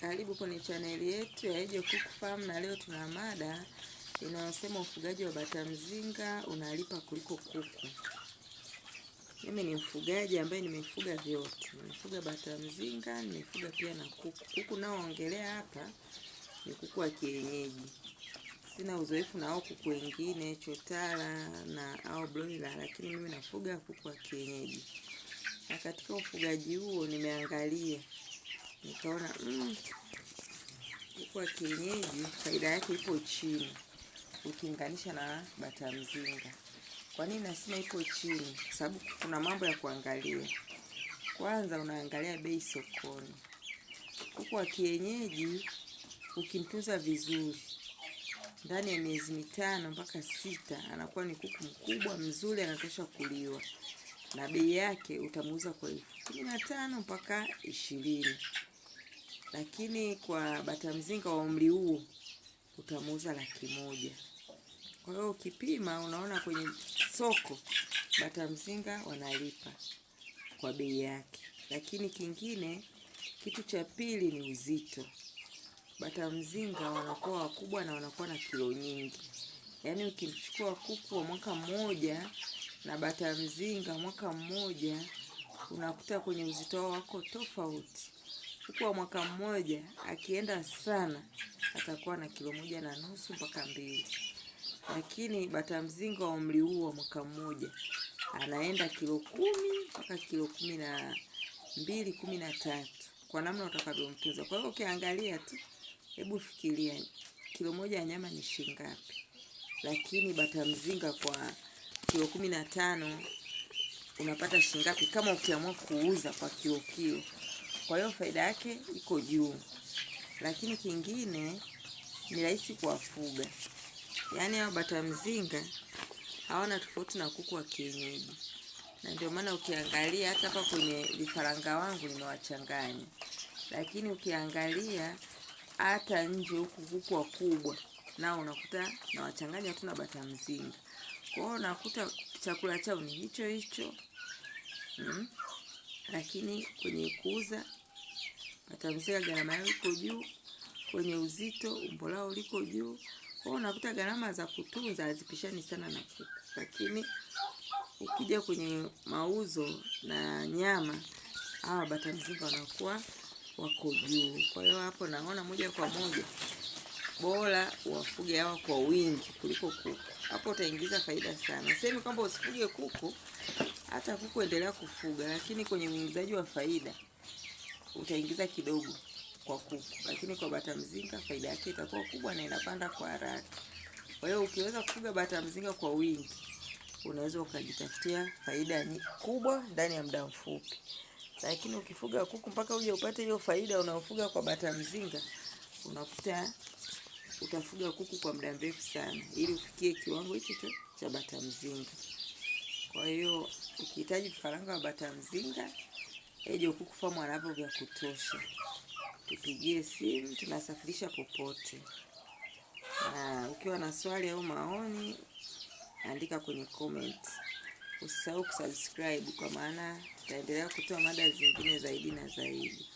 Karibu kwenye chaneli yetu ya Ejo Kuku Farm, na leo tuna mada inayosema ufugaji wa bata mzinga unalipa kuliko kuku. Mimi ni mfugaji ambaye nimefuga vyote, nimefuga bata mzinga, nimefuga pia na kuku. Kuku naoongelea hapa ni kuku wa kienyeji, sina uzoefu na au kuku wengine chotara na au broiler, lakini mimi nafuga kuku wa kienyeji, na katika ufugaji huo nimeangalia nikaona mm, wa kienyeji faida yake ipo chini ukilinganisha na bata mzinga. Kwa nini nasema ipo chini? Kwa sababu kuna mambo ya kuangalia. Kwanza unaangalia bei sokoni. Kuku wa kienyeji ukimtunza vizuri, ndani ya miezi mitano mpaka sita anakuwa ni kuku mkubwa mzuri, anatosha kuliwa na bei yake utamuuza kwa elfu kumi na tano mpaka ishirini lakini kwa bata mzinga wa umri huu utamuuza laki moja. Kwa hiyo ukipima unaona kwenye soko bata mzinga wanalipa kwa bei yake. Lakini kingine, kitu cha pili ni uzito. Bata mzinga wanakuwa wakubwa na wanakuwa na kilo nyingi, yaani ukimchukua kuku wa mwaka mmoja na bata mzinga mwaka mmoja unakuta kwenye uzito wao wako tofauti kuku wa mwaka mmoja akienda sana atakuwa na kilo moja na nusu mpaka mbili, lakini bata mzinga wa umri huu wa mwaka mmoja anaenda kilo kumi mpaka kilo kumi na mbili kumi na tatu kwa namna utakavyomtunza. Kwa hiyo ukiangalia tu, hebu fikiria kilo moja ya nyama ni shilingi ngapi, lakini bata mzinga kwa kilo kumi na tano unapata shilingi ngapi, kama ukiamua kuuza kwa kilo kilo kwa hiyo faida yake iko juu, lakini kingine ni rahisi kuwafuga. Yaani hao bata mzinga hawana tofauti na kuku wa kienyeji, na ndio maana ukiangalia hata hapa kwenye vifaranga wangu nimewachanganya, lakini ukiangalia hata nje huku kuku wakubwa nao unakuta na wachanganya tu na bata mzinga. Kwa hiyo unakuta chakula chao ni hicho hicho mm, lakini kwenye kuuza ataongezeka, gharama yao iko juu, kwenye uzito umbo lao liko juu. Kwa unakuta gharama za kutunza hazipishani sana na kuku, lakini ukija kwenye mauzo na nyama, hawa bata mzinga wanakuwa wako juu. Kwa hiyo hapo naona moja kwa moja bora uwafuge hawa kwa wingi kuliko kuku. Hapo utaingiza faida sana. Sema kwamba usifuge kuku, hata kuku endelea kufuga, lakini kwenye uingizaji wa faida utaingiza kidogo kwa kuku, lakini kwa bata mzinga faida yake itakuwa kubwa na inapanda kwa haraka. Kwa hiyo ukiweza kufuga bata mzinga kwa wingi, unaweza ukajitafutia faida kubwa ndani ya muda mfupi, lakini ukifuga kuku mpaka uje upate hiyo faida unaofuga kwa bata mzinga, unakuta utafuga kuku kwa muda mrefu sana, ili ufikie kiwango hicho tu cha bata mzinga. Kwa hiyo ukihitaji vifaranga wa bata mzinga Ejo kuku famu wanavyo vya kutosha, tupigie simu, tunasafirisha popote. Na ukiwa na swali au maoni, andika kwenye comment. Usisahau kusubscribe, kwa maana tutaendelea kutoa mada zingine zaidi na zaidi.